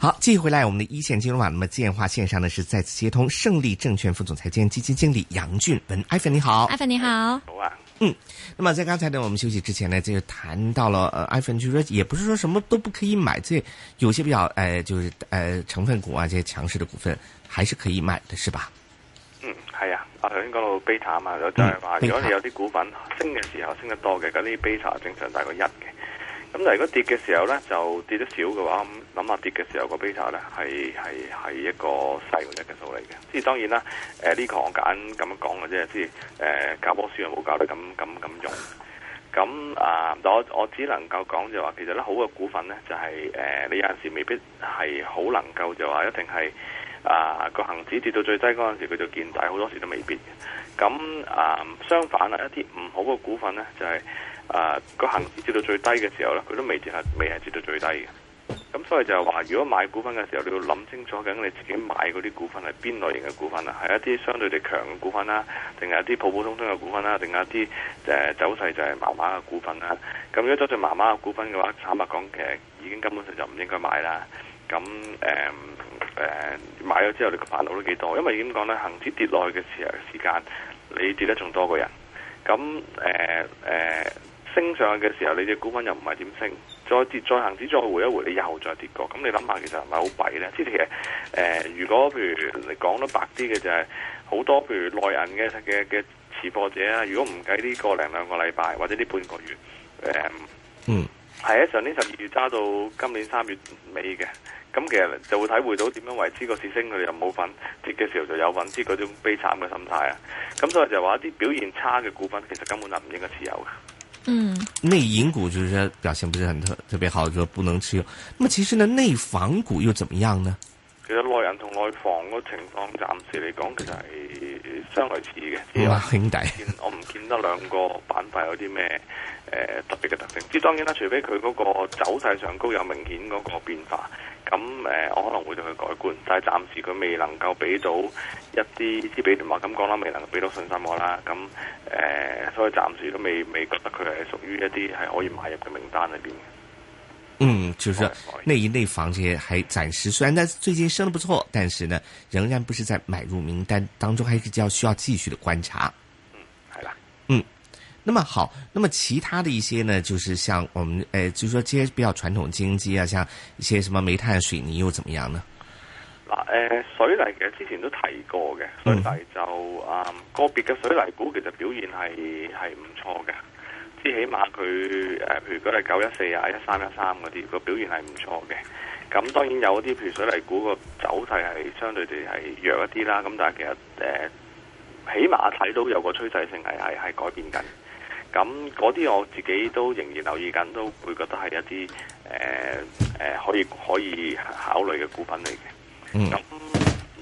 好，繼續回來我們的一線金融網。那麼電話線上呢是再次接通勝利證券副總裁兼基金經理楊俊文，iPhone 你好，iPhone 你好，an, 你好啊，嗯，那麼在剛才呢我們休息之前呢，就談到了呃 iPhone，就說也不是說什麼都不可以買，這有些比較呃就是呃成分股啊這些強勢的股份還是可以買的是吧？嗯，係呀啊，我頭先講到貝塔啊嘛，就即係話如果你有啲股份升嘅時候升得多嘅，咁啲貝塔正常大概一嘅。咁如果跌嘅時候呢，就跌得少嘅話，諗下跌嘅時候個 beta 呢係係係一個細嘅一個數嚟嘅。即係當然啦，呢、呃呢個我揀咁樣講嘅啫，即係教教書又冇教得咁咁咁用。咁啊，呃、但我我只能夠講就話、是，其實呢好嘅股份呢，就係誒你有陣時未必係好能夠就話、是、一定係啊個恆指跌到最低嗰陣時佢就見底，好多時都未必。咁啊、呃、相反啦，一啲唔好嘅股份呢，就係、是。啊，個行市跌到最低嘅時候咧，佢都未跌係未係跌到最低嘅。咁所以就係話，如果買股份嘅時候，你要諗清楚緊，你自己買嗰啲股份係邊類型嘅股份啊？係一啲相對地強嘅股份啦、啊，定係一啲普普通通嘅股份啦、啊，定係一啲誒、呃、走勢就係麻麻嘅股份啦、啊。咁如果走勢麻麻嘅股份嘅話，坦白講，其實已經根本上就唔應該買啦。咁誒誒，買咗之後你嘅煩惱都幾多？因為點講咧，行市跌落去嘅時候時間，你跌得仲多過人。咁誒誒。呃呃升上去嘅時候，你隻股份又唔係點升，再跌再行指再回一回，你又再跌過。咁你諗下，其實係咪好弊咧？即係其實如果譬如你講得白啲嘅就係、是、好多譬如內銀嘅嘅嘅持貨者啊，如果唔計呢個零兩個禮拜或者呢半個月，誒、呃、嗯，係喺上年十二月揸到今年三月尾嘅，咁其實就會體會到點樣為之、那個市升，佢又冇份。跌嘅時候就有份，啲嗰種悲慘嘅心態啊。咁所以就話啲表現差嘅股份其實根本就唔應該持有。嗯，內銀股就是說表現不是很特特別好，就不能持有。那麼其實呢，內房股又怎麼樣呢？其實內人同外房個情況，暫時嚟講，其實係。相類似嘅，嗯，兄弟，我唔見，見得兩個板塊有啲咩誒特別嘅特性。即係當然啦，除非佢嗰個走勢上高有明顯嗰個變化，咁誒，呃、我可能會對佢改觀。但係暫時佢未能夠俾到一啲，即係比如話咁講啦，未能夠俾到信心我啦。咁誒，呃，所以暫時都未未覺得佢係屬於一啲係可以買入嘅名單裏邊。嗯，就是說，那一內房這些還暫時雖然，但最近升的不錯，但是呢，仍然不是在買入名單當中，還是要需要繼續的觀察。嗯，係啦，嗯，那麼好，那麼其他的一些呢，就是像我們誒、呃，就是說這些比較傳統經濟啊，像一些什麼煤炭、水泥又怎麼樣呢？嗱，誒，水泥其實之前都提過嘅，水泥就啊，個別嘅水泥股其實表現係係唔錯嘅。啲起碼佢誒，譬如講，係九一四啊，一三一三嗰啲個表現係唔錯嘅。咁當然有一啲，譬如水泥股個走勢係相對地係弱一啲啦。咁但係其實誒、呃、起碼睇到有個趨勢性係係係改變緊。咁嗰啲我自己都仍然留意緊，都會覺得係一啲誒誒可以可以考慮嘅股份嚟嘅。咁、嗯、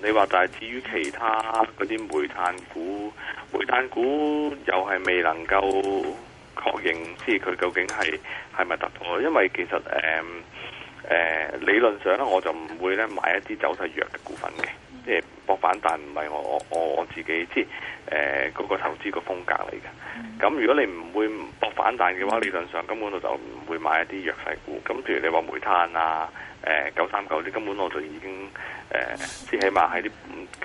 你話，但係至於其他嗰啲煤炭股，煤炭股又係未能夠。確認，即係佢究竟係係咪突破？因為其實誒誒理論上咧，我就唔會咧買一啲走勢弱嘅股份嘅，即係博反彈唔係我我我我自己即係誒嗰個投資個風格嚟嘅。咁如果你唔會唔博反彈嘅話，理論上根本就就唔會買一啲弱勢股。咁譬如你話煤炭啊。誒九、呃、三九啲根本我就已經誒，即起碼喺啲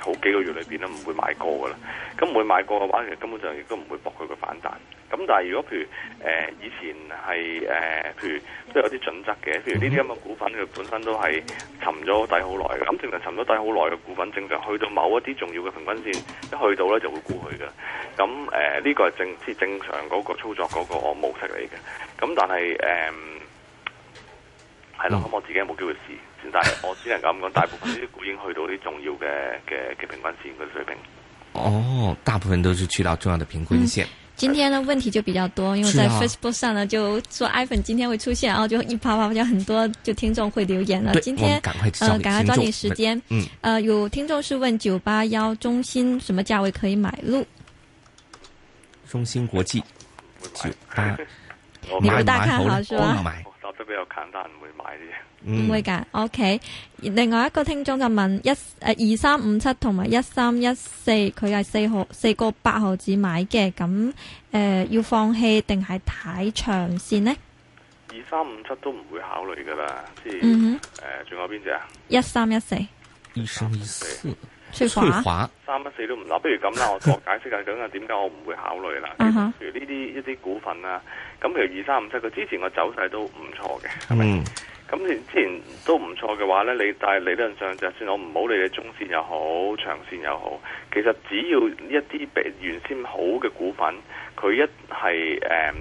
好幾個月裏面咧，唔會買過噶啦。咁唔會買過嘅話，其實根本就亦都唔會博佢個反彈。咁但係如果譬如誒、呃、以前係誒、呃、譬如都有啲準則嘅，譬如呢啲咁嘅股份佢本身都係沉咗底好耐。咁正常沉咗底好耐嘅股份，正常去到某一啲重要嘅平均線，一去到咧就會沽佢㗎。咁誒呢個係正即正常嗰個操作嗰個模式嚟嘅。咁但係係啦，咁我自己有冇機會試，但係我只能咁講，大部分啲股已去到啲重要嘅嘅嘅平均線嘅水平。哦，大部分都是去到重要嘅平均線。嗯、今天呢問題就比較多，因為在 Facebook 上呢就說 iPhone 今天會出現，然後就一啪啪，啪，就很多就聽眾會留言了對今天趕快，趕、呃、快抓緊時間。嗯，呃，有聽眾是問九八幺中芯什麼價位可以買入？中芯國際九八，你不大看好是吧？比較簡單，唔會買啲嘢。唔、嗯、會噶，OK。另外一個聽眾就問：一誒二三五七同埋一三一四，佢係四號四個八毫子買嘅，咁誒、呃、要放棄定係睇長線呢？二三五七都唔會考慮噶啦。嗯哼。誒，仲有邊隻啊？一三一四。一三一四。衰三一四都唔嗱，不如咁啦，我我解釋下點解點解我唔會考慮啦。譬如呢啲一啲股份啊，咁譬如二三五七，佢之前個走勢都唔錯嘅，係咪、嗯？咁你之前都唔錯嘅話咧，你但係理論上就算我唔好理你中線又好，長線又好，其實只要一啲比原先好嘅股份，佢一係誒、嗯、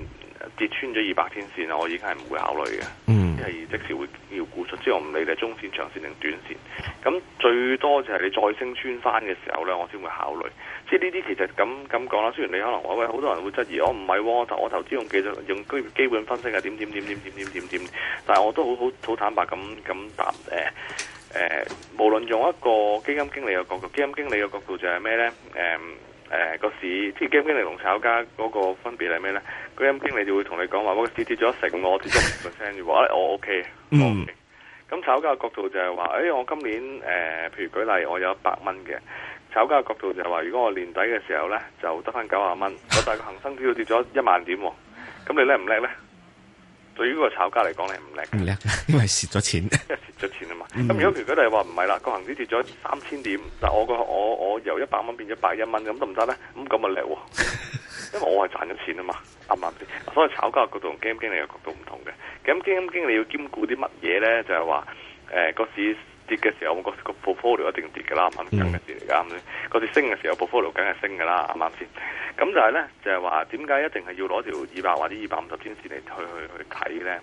跌穿咗二百天線，我已經係唔會考慮嘅。嗯係即時會要沽出，之後唔理你係中線、長線定短線，咁最多就係你再升穿翻嘅時候呢，我先會考慮。即係呢啲其實咁咁講啦，雖然你可能話喂，好多人會質疑，我唔係喎，我我投資用技術、用基基本分析啊，點點點點點點點，但係我都好好好坦白咁咁答誒誒，無論用一個基金經理嘅角度，基金經理嘅角度就係咩呢？誒、呃？誒、嗯啊、個市跌幾多？同炒家嗰個分別係咩呢？個基金經理就會同你講話，嗰個市跌咗成我跌咗五個 percent，我 OK, okay。咁炒家嘅角度就係話，誒、哎、我今年誒、呃，譬如舉例，我有百蚊嘅，炒家嘅角度就係話，如果我年底嘅時候呢，就得返九啊蚊，我大個恆生指數跌咗一萬點，喎，咁你叻唔叻呢？對呢個炒家嚟講，係唔叻，因為蝕咗錢。即蝕咗錢啊嘛！咁、嗯、如果佢哋話唔係啦，個恒指跌咗三千點，但我個我我由一百蚊變咗百一蚊，咁得唔得咧？咁咁啊叻喎，因為我係賺咗錢啊嘛，啱唔啱先？所以炒家嘅角度同基金經理嘅角度唔同嘅。基金經理要兼顧啲乜嘢咧？就係話誒個市。跌嘅時候，我、那個個 portfolio 一定跌嘅啦，啱唔啱先？Hmm. 跌啱唔啱？嗰次升嘅時候，p portfolio 梗係升嘅啦，啱唔啱先？咁就係咧，就係話點解一定係要攞條二百或者二百五十天線嚟去去去睇咧？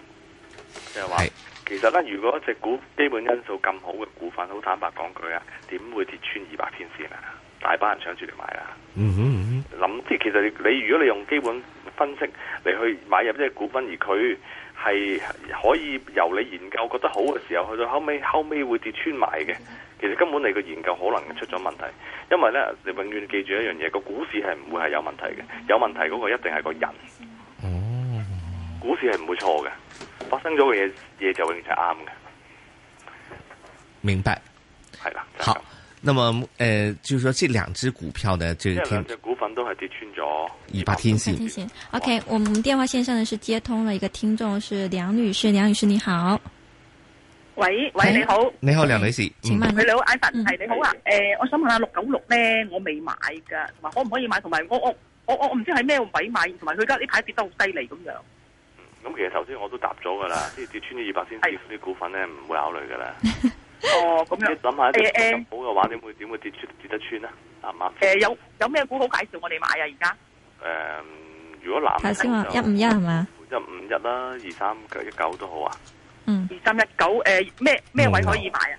即係話，是其實咧，如果隻股基本因素咁好嘅股份，好坦白講佢啊，點會跌穿二百天線啊？大把人搶住嚟買啊！嗯哼、mm，諗即係其實你如果你用基本分析嚟去買入一隻股份，而佢。係可以由你研究覺得好嘅時候，去到後尾後尾會跌穿埋嘅。其實根本你個研究可能出咗問題，因為呢，你永遠記住一樣嘢，個股市係唔會係有問題嘅，有問題嗰個一定係個人。嗯，股市係唔會錯嘅，發生咗嘢嘢就永遠係啱嘅。明白，係啦，就是那麼，誒、呃，就是說這兩隻股票呢，就是，就兩隻股份都係跌穿咗二百天線。天線，OK 我們電話線上呢是接通了一個聽眾，是梁女士。梁女士你好，喂喂，你好，你好梁喂女士，請問你好 Ivan 係你好啊？誒、嗯呃，我想問下六九六咧，我未買噶，同埋可唔可以買？同埋我我我我唔知係咩位買，同埋佢而家呢排跌得好犀利咁樣。咁、嗯嗯、其實頭先我都答咗噶啦，即係 跌穿咗二百天線股份咧，唔 會考慮噶啦。 哦，咁你諗下，誒誒，好嘅話，點會點會跌穿跌得穿啊？係咪？誒，有有咩股好介紹我哋買啊？而家誒，如果藍，頭先話一五一係嘛？一五一啦，二三九一九都好啊。嗯，二三一九誒，咩咩位可以買啊？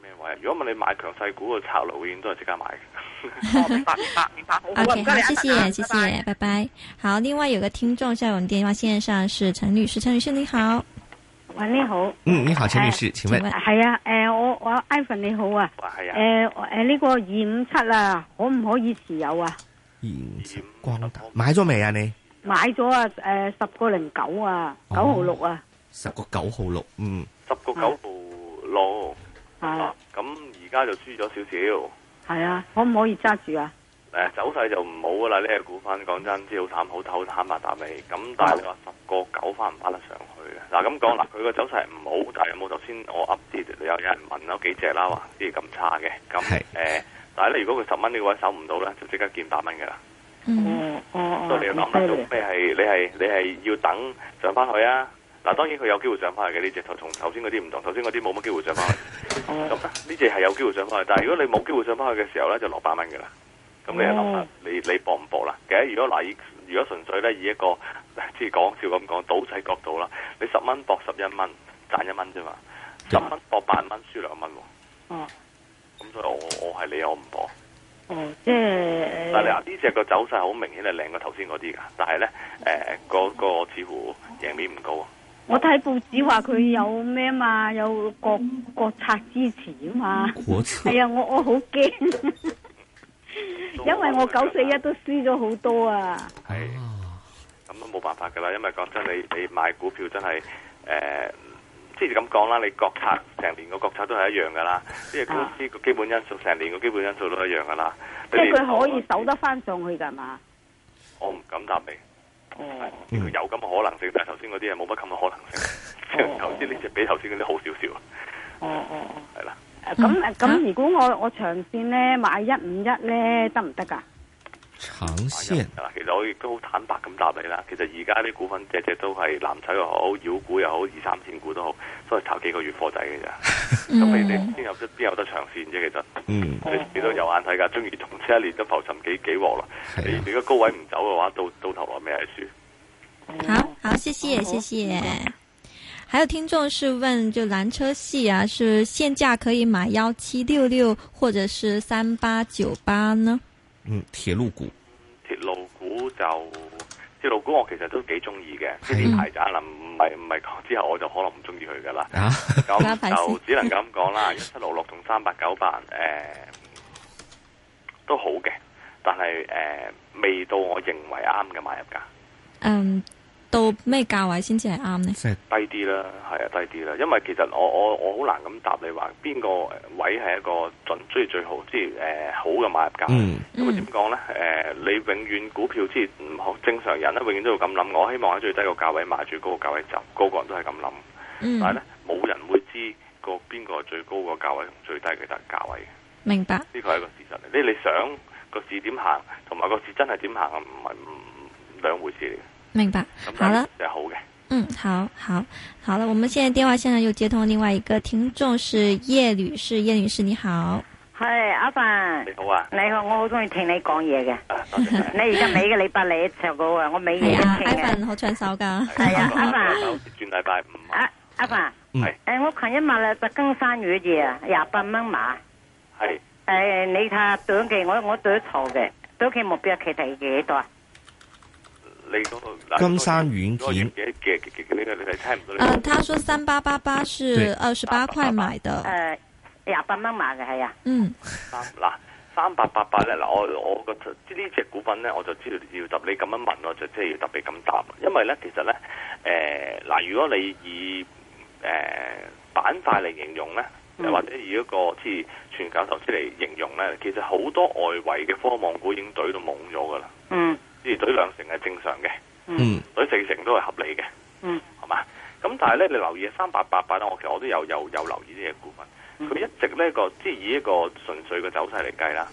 咩位？如果問你買強勢股嘅策略，應該都係即刻買嘅。八八八好。O K，好，謝謝，謝謝，拜拜。好，另外有個聽眾喺我哋電話線上，是陳女士，陳女士你好。喂、啊，你好。嗯，你好，陳女士，請問係啊，誒面、啊呃，我我 Ivan 你好啊。誒誒、啊，呢、啊呃這個二五七啊，可唔可以持有啊？二五七光大買咗未啊？你買咗、呃、啊？誒，十個零九啊，九號六啊。十個九號六，嗯，十個九號六。啊。咁而家就輸咗少少。係啊，可唔可以揸住啊？誒，走勢就唔好噶啦，呢隻股份講真，真好慘，好醜，坦白打尾。咁但係你話十個九翻唔翻得上去嘅，嗱，咁講啦，佢個走勢唔好，但係有冇頭先我噏啲有有人問咗幾隻啦，話啲咁差嘅。咁誒，是但係咧，如果佢十蚊呢個位守唔到咧，就即刻見八蚊噶啦。嗯，嗯，嗯所以嗯嗯做你要諗下，到咩係你係你係要等上翻去啊？嗱，當然佢有機會上翻去嘅，呢隻，頭頭先嗰啲唔同，頭先嗰啲冇乜機會上翻去。咁呢隻係有機會上翻去，但係如果你冇機會上翻去嘅時候咧，就落八蚊噶啦。咁咩諗法？你你，你搏唔搏啦？嘅，如果以如果純粹咧以一個即係講笑咁講賭仔角度啦，你十蚊搏十一蚊，賺一蚊啫嘛。十蚊搏八蚊，輸兩蚊喎。哦、嗯。咁所以我，我我係你，我唔搏。哦，即係、嗯。但係嗱，呢、這、隻個走勢好明顯係靚過頭先嗰啲㗎，但係咧，誒、呃、嗰個，個似乎贏面唔高，啊。我睇報紙話佢有咩嘛？有國國策支持嘛？國策。係啊、哎，我我好驚。因為我九四一都輸咗好多啊，係，咁都冇辦法噶啦，因為講真，你你買股票真係，誒、呃，即係咁講啦，你國策成年個國策都係一樣噶啦，即係公司個基本因素成、啊、年個基本因素都一樣噶啦，咁佢可以守得翻上去噶嘛？我唔敢答你，哦，有咁嘅可能性，但係頭先嗰啲啊冇乜咁嘅可能性，頭先你只比頭先嗰啲好少少，哦哦哦，係啦。咁咁，嗯啊、如果我我長線咧買一五一咧得唔得噶？行行啊、長線啊，其實我亦都好坦白咁答你啦。其實而家啲股份隻只都係藍籌又好，妖股又好，二三線股都好，都係炒幾個月貨仔嘅啫。咁、嗯、你你邊有得邊有得長線啫？其實，嗯，你都有眼睇噶？中意同車一年都浮沉幾幾鑊啦。啊、你如果高位唔走嘅話，到到頭嚟咩係輸？嗯、好，好，謝謝，謝謝。還有聽眾是問，就藍車系啊，是現價可以買幺七六六，或者是三八九八呢？嗯，鐵路股，鐵路股就鐵路股，我其實都幾中意嘅，即啲、嗯、牌就可能唔係唔係之後我就可能唔中意佢噶啦。咁就只能咁講啦，一七六六同三八九八，誒、呃、都好嘅，但係誒、呃、未到我認為啱嘅買入價。嗯。到咩價位先至係啱呢？低啲啦，係啊，低啲啦。因為其實我我我好難咁答你話邊個位係一個盡最，最好，即係誒、呃、好嘅買入價。嗯、因為點講呢誒、呃，你永遠股票即係唔好正常人咧，永遠都要咁諗。我希望喺最低個價位買住，最高個價位走，個、個個人都係咁諗。嗯、但係呢，冇人會知、那個邊個最高個價位同最低嘅價價位明白。呢個係一個事實。你你想個市點行，同埋個市真係點行，唔係唔兩回事嚟。明白，好啦。好嘅，嗯，好好，好啦，我們現在電話線上又接通另外一個聽眾，是葉女士，葉女士你好，係阿凡，你好啊，你好，我好中意聽你講嘢嘅，你而家每個禮拜嚟一次啊。我每夜都聽嘅，好搶手噶，係啊，阿凡，轉禮拜五，阿阿凡係，誒我琴日買咗金生魚嘅，廿八蚊碼，係，誒你睇下，短期我我對得錯嘅，短期目標佢係幾多？啊？金山軟件。嗯，uh, 他說三八八八是二十八塊買的，誒，廿八蚊買嘅係啊。嗯。嗱、嗯啊，三八八八咧，嗱，我我個呢隻股份咧，我就知道你要答你咁樣問，我就即係要特別咁答。因為咧，其實咧，誒，嗱，如果你以誒板塊嚟形容咧，或者以一個即係全港投資嚟形容咧，其實好多外圍嘅科網股已經兩成係正常嘅，嗯，所以四成都係合理嘅，嗯，係嘛？咁但係咧，你留意三八八八咧，300, 800, 我其實我都有有有留意啲嘢股份，佢，嗯，一直呢，這個即係以一個純粹嘅走勢嚟計啦，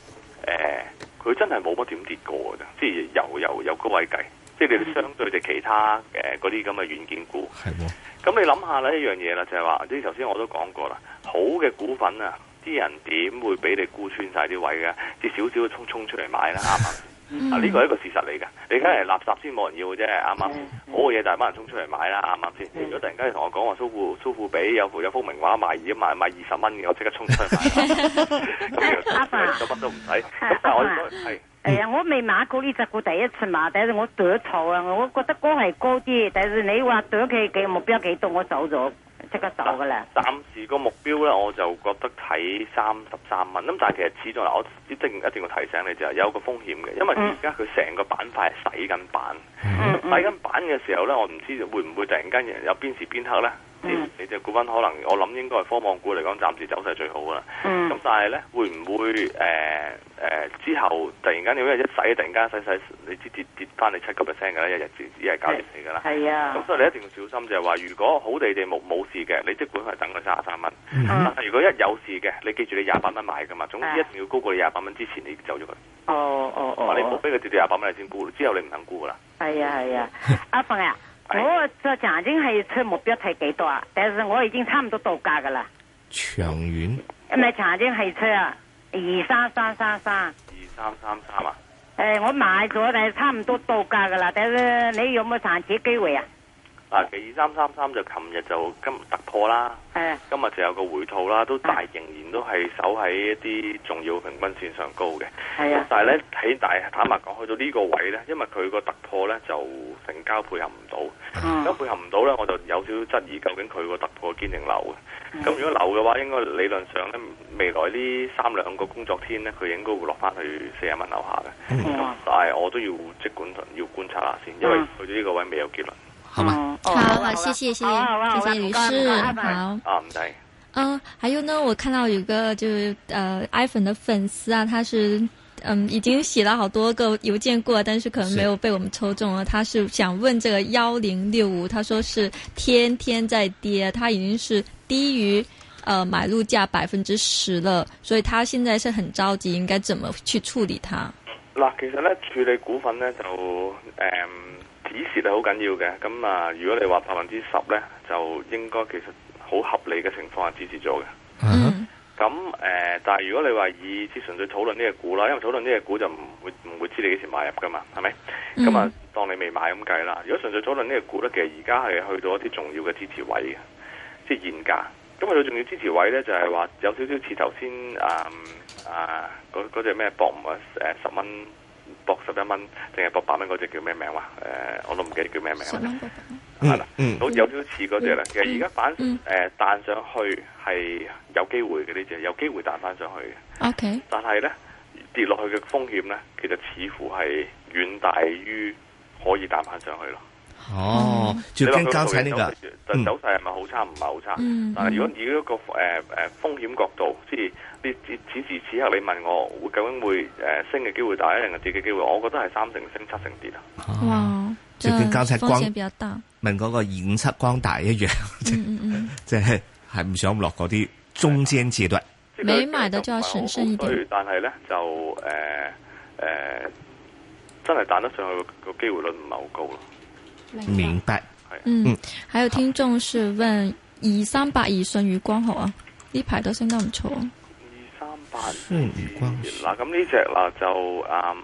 誒，呃，佢真係冇乜點跌過噶，即係由由由高位計，即係你相對哋其他誒嗰啲咁嘅軟件股，係咁，嗯嗯，你諗下呢一樣嘢啦，就係話啲頭先我都講過啦，好嘅股份啊，啲人點會俾你估穿晒啲位嘅？至少少要沖沖出嚟買啦，啱嘛？啊！呢個係一個事實嚟噶，你梗係垃圾先冇人要嘅啫，啱啱？好嘅嘢大班人衝出嚟買啦，啱啱先？如果突然間你同我講話蘇富蘇富比有幅有幅名畫賣而家賣賣二十蚊嘅，我即刻衝出去買啦，咁樣二都唔使。係，係啊，我未買過呢隻股第一次買，但是我短炒啊，我覺得高係高啲，但是你話短期嘅目標幾多，我走咗。即刻走嘅啦！暫時個目標咧，我就覺得睇三十三蚊。咁但係其實始終，我一定一定要提醒你就係有個風險嘅，因為而家佢成個板塊係洗緊板，嗯嗯、洗緊板嘅時候咧，我唔知道會唔會突然間有邊時邊刻咧，嗯、你隻股份可能我諗應該係科網股嚟講，暫時走勢最好噶啦。咁、嗯、但係咧，會唔會誒誒、呃呃、之後突然間因為一洗，突然間洗洗，洗洗洗洗洗洗你跌跌跌翻你七個 percent 嘅咧，一日跌一係搞掂你噶啦。係是啊！咁所以你一定要小心，就係、是、話如果好地地冇冇嘅，你即管係等佢三十三蚊。但、嗯、如果一有事嘅，你記住你廿八蚊買噶嘛，總之一定要高過你廿八蚊之前你就走咗佢、哦。哦哦哦，你目俾佢跌到廿八蚊你先沽，之後你唔肯沽噶啦。係啊係啊，哎、 阿鳳啊，我隻長晶係出目標係幾多啊？但係我已經差唔多到價噶啦。長遠遠？咁你長晶係出二三三三三。二三三三啊？誒、啊哎，我買咗但係，差唔多到價噶啦。但係，是你有冇賺錢機會啊？其二三三三就琴日就今突破啦，啊、今日就有個回吐啦，都大仍然都係守喺一啲重要平均線上高嘅，係啊。但係咧大，坦白講去到呢個位咧，因為佢個突破咧就成交配合唔到，咁、嗯、配合唔到咧我就有少少質疑究竟佢個突破堅定流？嘅、嗯。咁如果流嘅話，應該理論上咧未來呢三兩個工作天咧佢應該會落翻去四十蚊樓下嘅，嗯、但係我都要即管要觀察下先，因為去到呢個位未有結論，係嘛？好好，謝謝謝謝，了謝謝女士。好啊，唔該好。嗯，還有呢，我看到有一個就是呃，愛粉的粉絲啊，他是嗯，已經寫了好多個郵件過，但是可能沒有被我們抽中了。是他是想問這個幺零六五，他說是天天在跌，他已經是低於呃買入價百分之十了，所以他現在是很着急，應該怎麼去處理它？那其實呢，處理股份呢，就嗯……支持係好緊要嘅，咁啊，如果你話百分之十呢，就應該其實好合理嘅情況下支持咗嘅。嗯、uh，咁、huh. 誒、呃，但係如果你話以只純粹討論呢隻股啦，因為討論呢隻股就唔會唔會知你幾時買入㗎嘛，係咪？咁啊、uh，huh. 當你未買咁計啦。如果純粹討論呢隻股呢，其實而家係去到一啲重要嘅支持位嘅，即係現價。咁啊，佢重要嘅支持位呢，就係、是、話有少少似頭先啊啊嗰嗰隻咩博物啊十蚊。博十一蚊，定係博八蚊嗰隻叫咩名話？誒，我都唔記得叫咩名啦。係啦，嗯，好有少似嗰隻啦。嗯、其實而家反誒彈上去係有機會嘅呢隻，嗯、隻有機會彈翻上去嘅。OK，但係咧，跌落去嘅風險咧，其實似乎係遠大於可以彈翻上去咯。哦，最驚交差呢個，但走勢係咪好差？唔係好差。但係如果以一個誒誒風險角度，即係你此時此刻你問我會究竟會誒升嘅機會大，定係跌嘅機會，我覺得係三成升七成跌啦。哇，最驚交差光，風險比較大。問嗰個二五七光大一樣，即係係唔想落嗰啲中間階段。買買嘅就要謹慎一啲。但係咧就誒誒，真係彈得上去個機會率唔係好高咯。明白。明白嗯，嗯還有聽眾是問二三八二舜宇光學啊，呢排都升得唔錯啊。二三八二舜宇光嗱咁呢隻嗱就，嗯、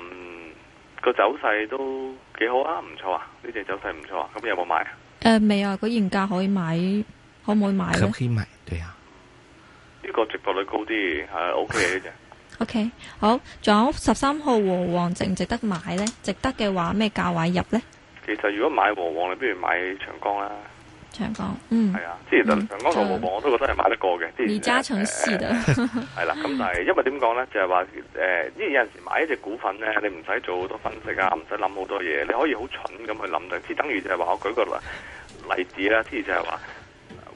那個走勢都幾好啊，唔錯啊，呢、這、隻、個、走勢唔錯啊。咁有冇買？誒，未啊，佢現價可以買，可唔可以買咧？O K，對啊，呢個直播率高啲，係 O K 呢嘅。O、okay 這個、K，、okay. 好，仲有十三號和黃值唔值得買呢？值得嘅話，咩價位入呢？其實如果買和黃，你不如買長江啦。長江，嗯，係啊，之前長江同和黃我都覺得係買得過嘅。李嘉誠係的，係啦。咁但係因為點講咧？就係話誒，呢有陣時買一隻股份咧，你唔使做好多分析啊，唔使諗好多嘢，你可以好蠢咁去諗就，即係等於就係話我舉個例例子啦。之前就係話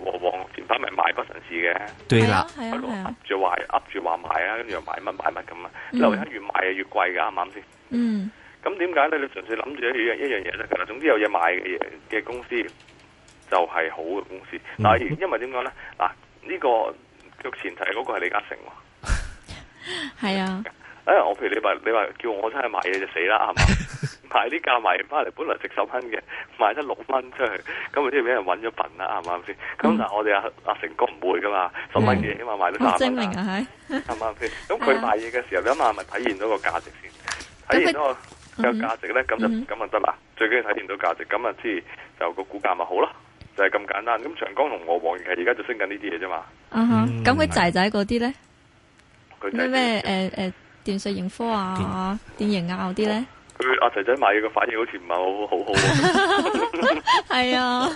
和黃前排咪買不順市嘅，對啦，喺度噏住話，噏住話買啊，跟住又買乜買乜咁啊。但係後屘越買越貴噶，啱唔啱先？嗯。咁點解咧？你純粹諗住一樣一樣嘢咧？嗱，總之有嘢賣嘅嘢嘅公司就係好嘅公司。但係因為點講咧？嗱，呢個嘅前提嗰個係李嘉誠喎。係啊。我譬如你話你話叫我真係買嘢就死啦，係嘛？買呢價賣翻嚟，本來值十蚊嘅，賣得六蚊出去，咁咪即係俾人揾咗笨啦，係咪先？咁但係我哋阿阿成哥唔會噶嘛，十蚊嘢起碼賣到八蚊。明係。係咪先？咁佢賣嘢嘅時候，一啊咪體現到個價值先，體現到。有價值咧，咁就咁得啦。就嗯、哼最緊要體現到價值，咁啊，即係就個股價咪好咯，就係、是、咁簡單。咁長江同和黃係，而家就升緊呢啲嘢啫嘛。咁佢仔仔嗰啲咧，咩咩、呃呃、電訊盈科啊、啊電盈啊嗰啲咧？佢阿仔仔買嘢嘅反應好似唔係好好好啊！係啊，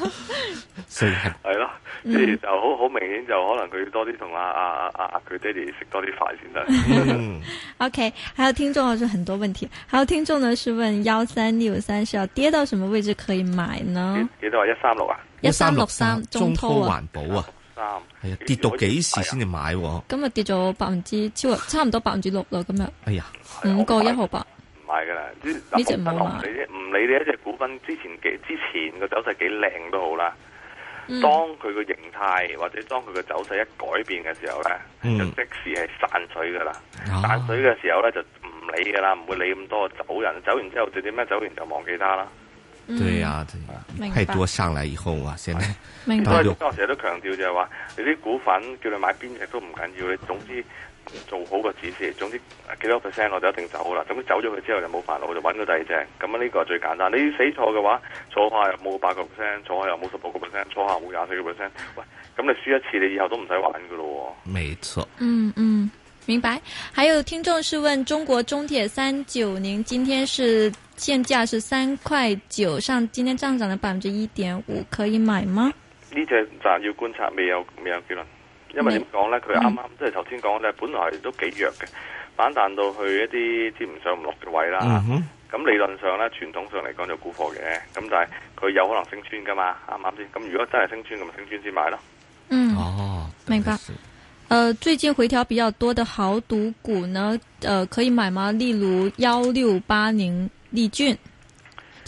係咯，即係就好好明顯就可能佢多啲同阿阿阿阿佢爹哋食多啲飯先得。 OK，還有聽眾呢，就很多問題。還有聽眾呢，是問幺三六三是要跌到什麼位置可以買呢？幾到話一三六啊，一三六三中通環保啊，三係啊，跌到幾時先至買？今日跌咗百分之超差唔多百分之六咯。今日哎呀，五個一號八係噶啦，呢隻唔理你，唔理呢一隻股份之前幾之前個走勢幾靚都好啦。當佢個形態或者當佢個走勢一改變嘅時候咧，就即時係散水噶啦。散水嘅時候咧，就唔理噶啦，唔會理咁多，走人，走完之後就點咩，走完就忘記他啦。對呀，太多上來以後啊，現在，所以當時都強調就係話，你啲股份叫你買邊隻都唔緊要，你總之。做好個指示，總之幾多 percent 我哋一定走啦。咁樣走咗佢之後就冇煩惱，我就揾個第二隻。咁呢個最簡單。你要死錯嘅話，坐下又冇八個 percent，坐下又冇十六個 percent，坐下冇廿四個 percent。喂，咁你輸一次你以後都唔使玩噶咯、哦。沒錯。嗯嗯，明白。還有聽眾是問中國中鐵三九零，今天是現價是三塊九，上今天上漲了百分之一點五，可以買嗎？呢隻暫要觀察，未有未有結論。因為點講咧，佢啱啱即係頭先講咧，本來都幾弱嘅，反彈到去一啲接唔上唔落嘅位啦。咁、嗯、哼理論上咧，傳統上嚟講就估貨嘅，咁但係佢有可能升穿噶嘛，啱啱先？咁如果真係升穿，咁咪升穿先買咯。嗯，哦、啊，明白。誒、呃，最近回調比較多嘅豪賭股呢？誒、呃，可以買嗎？例如幺六八零利駿。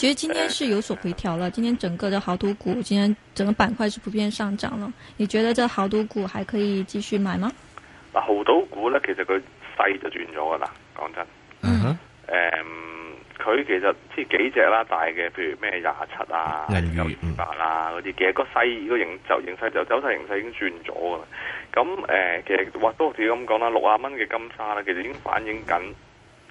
其實今天是有所回調了，今天整個的豪賭股，今天整個板塊是普遍上漲了。你覺得這豪賭股還可以繼續買嗎？嗱、啊，豪賭股咧，其實佢勢就轉咗噶啦，講真。Uh huh. 嗯哼。誒，佢其實即係幾隻啦，大嘅譬如咩廿七啊、銀娛魚、銀達啊嗰啲，其實個勢個形就形勢就走勢形勢已經轉咗噶啦。咁、嗯、誒、呃，其實話多好似咁講啦，六啊蚊嘅金沙咧，其實已經反映緊。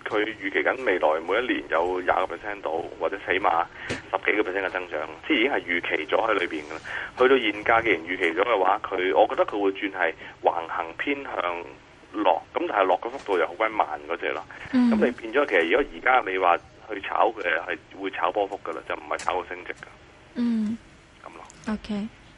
佢預期緊未來每一年有廿個 percent 到，或者起碼十幾個 percent 嘅增長，即係已經係預期咗喺裏邊嘅。去到現價，既然果預期咗嘅話，佢我覺得佢會轉係橫行偏向落，咁但係落嘅幅度又好鬼慢嗰隻啦。咁、mm. 你變咗，其實如果而家你話去炒佢係會炒波幅嘅啦，就唔係炒個升值嘅。嗯、mm.，咁咯。OK。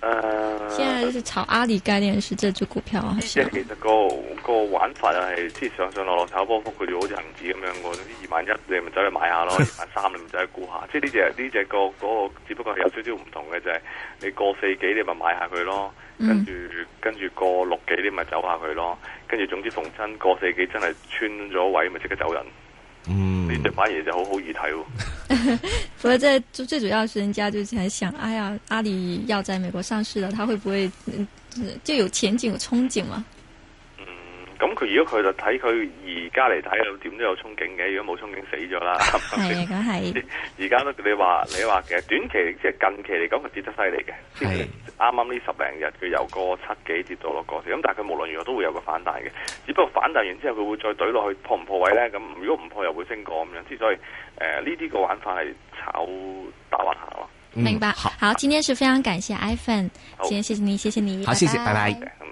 誒，呃、現在是炒阿里概念是這隻股票啊，即係其實、嗰個、嗰個玩法又係即上上落落炒波幅就，佢哋好似恒指咁樣嘅，總之二萬一你咪走去買下咯， 二萬三你咪走去估下，即呢隻呢隻個嗰個，個只不過係有少少唔同嘅就係、是、你過四幾你咪買下佢咯，嗯、跟住跟住過六幾你咪走下佢咯，跟住總之逢親過四幾真係穿咗位咪即刻走人，你只、嗯、反而就好好易睇喎。 不過這最最主要的是，人家就是還想，哎呀，阿里要在美國上市了，他會不會就，就有前景、有憧憬嘛？咁佢如果佢就睇佢而家嚟睇，有點都有憧憬嘅。如果冇憧憬，死咗啦。係，咁係，而家咧，你話你話，其實短期即係近期嚟講，佢跌得犀利嘅。係的。啱啱呢十零日，佢由個七幾跌到落過四，咁但係佢無論如何都會有個反彈嘅。只不過反彈完之後，佢會再懟落去，破唔破位咧？咁如果唔破，又會升過咁樣。之所以、呃，誒呢啲個玩法係炒大滑行咯。嗯、明白。好，好今天是非常感謝 iPhone，今日謝謝你，謝謝你。好，拜拜好謝謝，拜拜。嗯